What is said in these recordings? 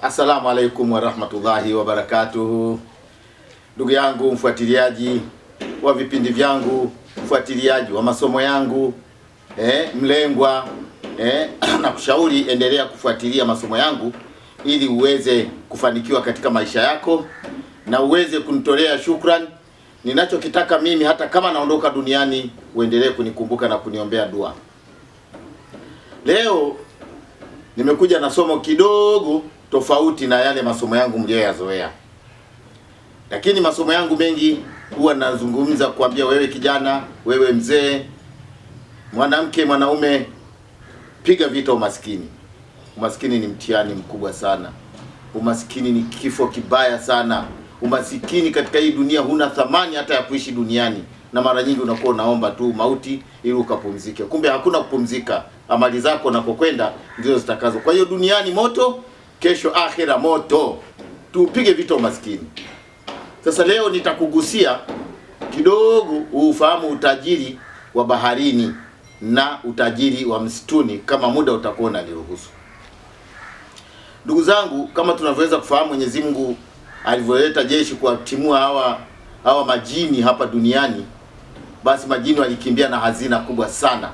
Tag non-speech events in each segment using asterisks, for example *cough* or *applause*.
Assalamu alaikum warahmatullahi wabarakatuhu, ndugu yangu mfuatiliaji wa vipindi vyangu, mfuatiliaji wa masomo yangu eh, mlengwa eh, *clears throat* na kushauri endelea kufuatilia masomo yangu ili uweze kufanikiwa katika maisha yako na uweze kunitolea shukrani. Ninachokitaka mimi hata kama naondoka duniani, uendelee kunikumbuka na kuniombea dua. Leo nimekuja na somo kidogo tofauti na yale masomo yangu mliyoyazoea, lakini masomo yangu mengi huwa nazungumza kuambia wewe kijana, wewe mzee, mwanamke, mwanaume, piga vita umaskini. Umaskini ni mtihani mkubwa sana. Umaskini ni kifo kibaya sana. Umasikini katika hii dunia, huna thamani hata ya kuishi duniani, na mara nyingi unakuwa unaomba tu mauti ili ukapumzike. Kumbe hakuna kupumzika, amali zako nakokwenda ndizo zitakazo. Kwa hiyo duniani moto kesho akhira moto, tuupige vita umaskini. Sasa leo nitakugusia kidogo ufahamu utajiri wa baharini na utajiri wa msituni kama muda utakuwa unaniruhusu. Ndugu zangu, kama tunavyoweza kufahamu, Mwenyezi Mungu alivyoleta jeshi kuwatimua hawa hawa majini hapa duniani, basi majini walikimbia na hazina kubwa sana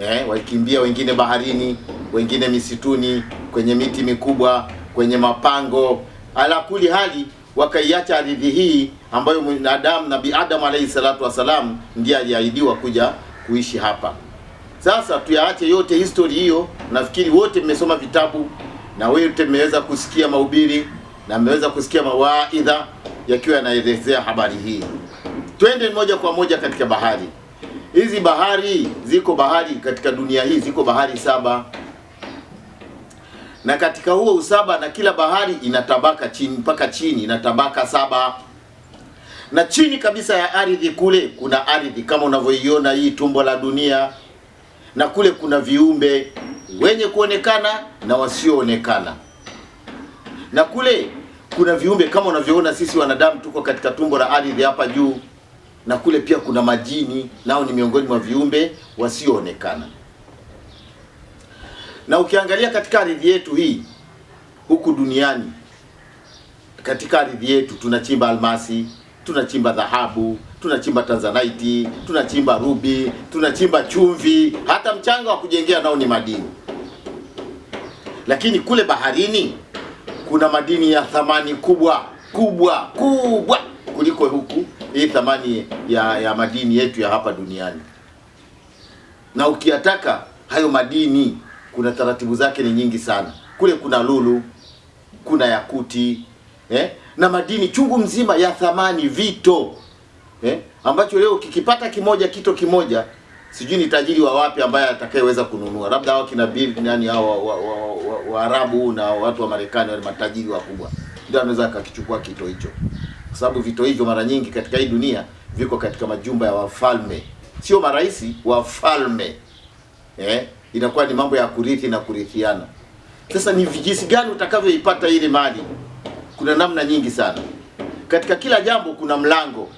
eh, walikimbia wengine baharini, wengine misituni, kwenye miti mikubwa, kwenye mapango. Ala kuli hali wakaiacha ardhi hii ambayo mwanadamu Nabii Adam alayhi salatu wasalam ndiye aliahidiwa kuja kuishi hapa. Sasa tuyaache yote history hiyo. Nafikiri wote mmesoma vitabu na wote mmeweza kusikia mahubiri na mmeweza kusikia mawaidha yakiwa yanaelezea habari hii. Twende moja kwa moja katika bahari. Hizi bahari ziko bahari katika dunia hii ziko bahari saba, na katika huo usaba, na kila bahari ina tabaka chini mpaka chini ina tabaka saba, na chini kabisa ya ardhi kule kuna ardhi kama unavyoiona hii tumbo la dunia, na kule kuna viumbe wenye kuonekana na wasioonekana, na kule kuna viumbe kama unavyoona sisi wanadamu tuko katika tumbo la ardhi hapa juu na kule pia kuna majini, nao ni miongoni mwa viumbe wasioonekana. Na ukiangalia katika ardhi yetu hii huku duniani, katika ardhi yetu tunachimba almasi, tunachimba dhahabu, tunachimba tanzanite, tunachimba rubi, tunachimba chumvi, hata mchanga wa kujengea nao ni madini. Lakini kule baharini kuna madini ya thamani kubwa kubwa kubwa kuliko huku hii thamani ya, ya madini yetu ya hapa duniani. Na ukiyataka hayo madini, kuna taratibu zake ni nyingi sana. Kule kuna lulu, kuna yakuti eh? na madini chungu mzima ya thamani vito eh? ambacho leo kikipata kimoja kito kimoja sijui ni tajiri wa wapi ambaye atakayeweza kununua, labda hao kina Bill nani hao wa, wa, wa, wa, wa na watu wa Marekani wale matajiri wakubwa ndio anaweza akakichukua kito hicho kwa sababu vito hivyo mara nyingi katika hii dunia viko katika majumba ya wafalme, sio marais, wafalme eh, inakuwa ni mambo ya kurithi na kurithiana. Sasa ni vijisi gani utakavyoipata ile mali? Kuna namna nyingi sana, katika kila jambo kuna mlango.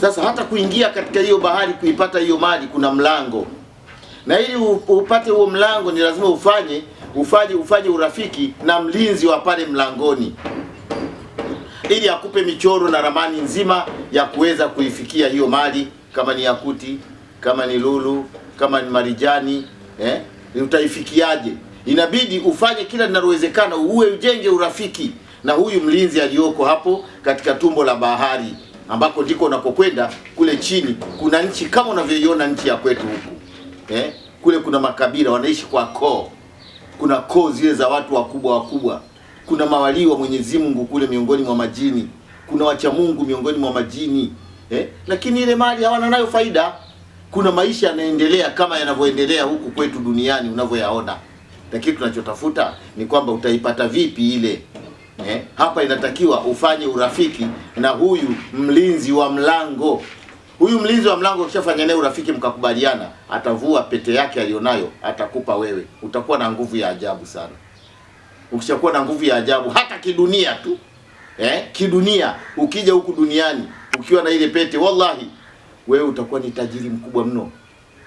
Sasa hata kuingia katika hiyo bahari kuipata hiyo mali kuna mlango, na ili upate huo mlango ni lazima ufanye ufanye ufanye urafiki na mlinzi wa pale mlangoni ili akupe michoro na ramani nzima ya kuweza kuifikia hiyo mali, kama ni yakuti, kama ni lulu, kama ni marijani eh, utaifikiaje? Inabidi ufanye kila linalowezekana, uwe ujenge urafiki na huyu mlinzi aliyoko hapo katika tumbo la bahari ambako ndiko unakokwenda. Kule chini kuna nchi kama unavyoiona nchi ya kwetu huku eh, kule kuna makabila wanaishi kwa koo, kuna koo zile za watu wakubwa wakubwa kuna mawalii wa Mwenyezi Mungu kule miongoni mwa majini, kuna wacha Mungu miongoni mwa majini eh? Lakini ile mali hawana nayo faida. Kuna maisha yanaendelea kama yanavyoendelea huku kwetu duniani unavyoyaona, lakini tunachotafuta ni kwamba utaipata vipi ile eh? Hapa inatakiwa ufanye urafiki na huyu mlinzi wa mlango huyu mlinzi wa mlango ukishafanya naye urafiki mkakubaliana, atavua pete yake aliyonayo, atakupa wewe, utakuwa na nguvu ya ajabu sana ukishakuwa na nguvu ya ajabu hata kidunia tu eh, kidunia ukija huku duniani ukiwa na ile pete, wallahi wewe utakuwa ni tajiri mkubwa mno,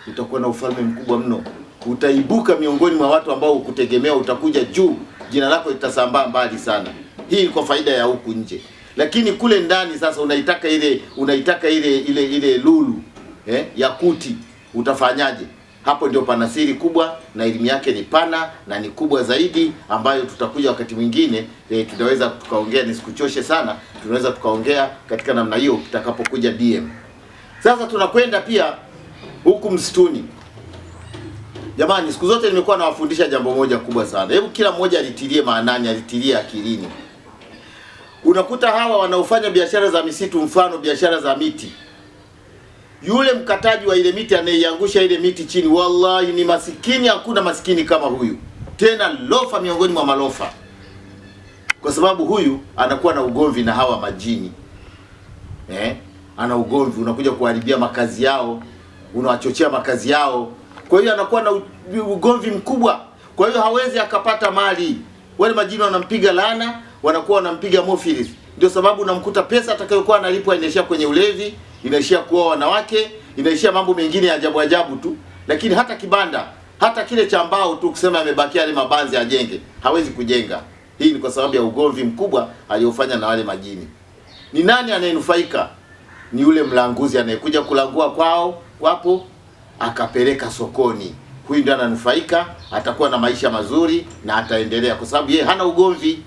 utakuwa na ufalme mkubwa mno, utaibuka miongoni mwa watu ambao ukutegemea, utakuja juu, jina lako litasambaa mbali sana. Hii kwa faida ya huku nje, lakini kule ndani sasa unaitaka ile unaitaka ile ile ile lulu eh, yakuti, utafanyaje? Hapo ndio pana siri kubwa, na elimu yake ni pana na ni kubwa zaidi, ambayo tutakuja wakati mwingine e, tutaweza tukaongea, nisikuchoshe sana, tunaweza tukaongea katika namna hiyo tutakapokuja DM. Sasa tunakwenda pia huku msituni. Jamani, siku zote nimekuwa nawafundisha jambo moja kubwa sana, hebu kila mmoja alitilie maanani, alitilie akilini. Unakuta hawa wanaofanya biashara za misitu, mfano biashara za miti yule mkataji wa ile miti anayeiangusha ile miti chini, wallahi ni masikini. Hakuna masikini kama huyu, tena lofa miongoni mwa malofa, kwa sababu huyu anakuwa na ugomvi na hawa majini eh? Ana ugomvi, unakuja kuharibia makazi yao, unawachochea makazi yao. Kwa hiyo anakuwa na ugomvi mkubwa, kwa hiyo hawezi akapata mali. Wale majini wanampiga laana, wanakuwa wanampiga Mofilisi. Ndio sababu unamkuta pesa atakayokuwa analipwa inaishia kwenye ulevi inaishia kuoa wanawake, inaishia mambo mengine ya ajabu ajabu tu, lakini hata kibanda hata kile cha mbao tu kusema amebakia yale mabanzi ajenge, hawezi kujenga. Hii ni kwa sababu ya ugomvi mkubwa aliofanya na wale majini. Ni nani anayenufaika? Ni yule mlanguzi anayekuja kulangua kwao kwapo, akapeleka sokoni. Huyu ndiye ananufaika, atakuwa na maisha mazuri na ataendelea, kwa sababu yeye hana ugomvi.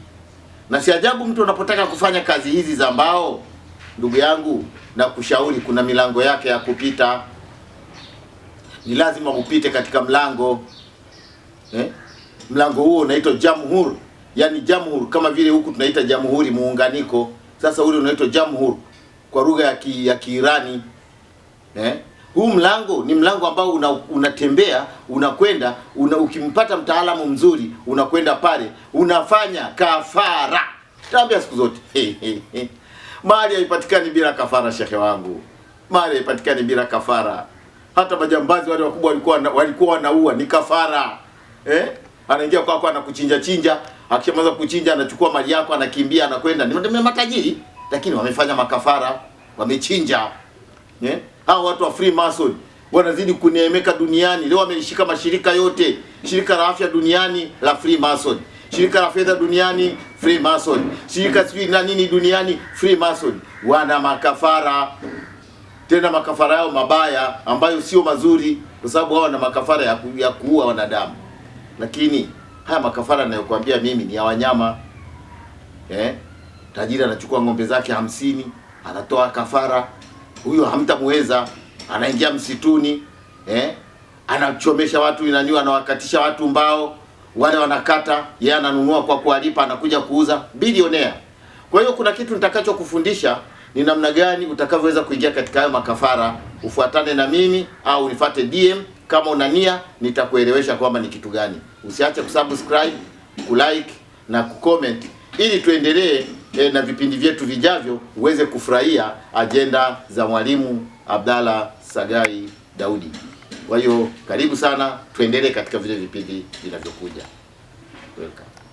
Na si ajabu mtu unapotaka kufanya kazi hizi za mbao ndugu yangu, na kushauri kuna milango yake ya kupita, ni lazima upite katika mlango eh? Mlango huo unaitwa jamhur, yani jamhur, kama vile huku tunaita jamhuri muunganiko. Sasa ule unaitwa jamhur kwa lugha ya ki, ya Kiirani eh? Huu mlango ni mlango ambao unatembea una unakwenda una, ukimpata mtaalamu mzuri unakwenda pale unafanya kafara, taambia siku zote *laughs* Mali haipatikani bila kafara, shekhe wangu, mali haipatikani bila kafara. Hata majambazi wale wakubwa walikuwa walikuwa wanaua, ni kafara eh? Anaingia kwako anakuchinja chinja, akishamaliza kuchinja anachukua mali yako anakimbia, anakwenda. Ni matajiri, lakini wamefanya makafara, wamechinja eh? Hao watu wa Freemason wanazidi kuneemeka duniani leo, wameishika mashirika yote, shirika la afya duniani la Freemason shirika la fedha duniani Freemason, shirika sijui na nini duniani Freemason. Wana makafara tena, makafara yao mabaya ambayo sio mazuri, kwa sababu hao wana makafara ya, ku, ya kuua wanadamu. Lakini haya makafara ninayokuambia mimi ni ya wanyama eh? Tajiri anachukua ng'ombe zake hamsini anatoa kafara, huyo hamtamweza, anaingia msituni eh? Anachomesha watu inanyua, anawakatisha watu mbao wale wanakata, yeye ananunua kwa kuwalipa, anakuja kuuza, bilionea. Kwa hiyo kuna kitu nitakachokufundisha ni namna gani utakavyoweza kuingia katika hayo makafara. Ufuatane na mimi au unifate DM kama una nia, nitakuelewesha kwamba ni kitu gani. Usiache kusubscribe, kulike na kucomment ili tuendelee eh, na vipindi vyetu vijavyo uweze kufurahia ajenda za Mwalimu Abdalla Sagai Daudi. Kwa hiyo karibu sana, tuendelee katika vile vipindi vinavyokuja. Welcome.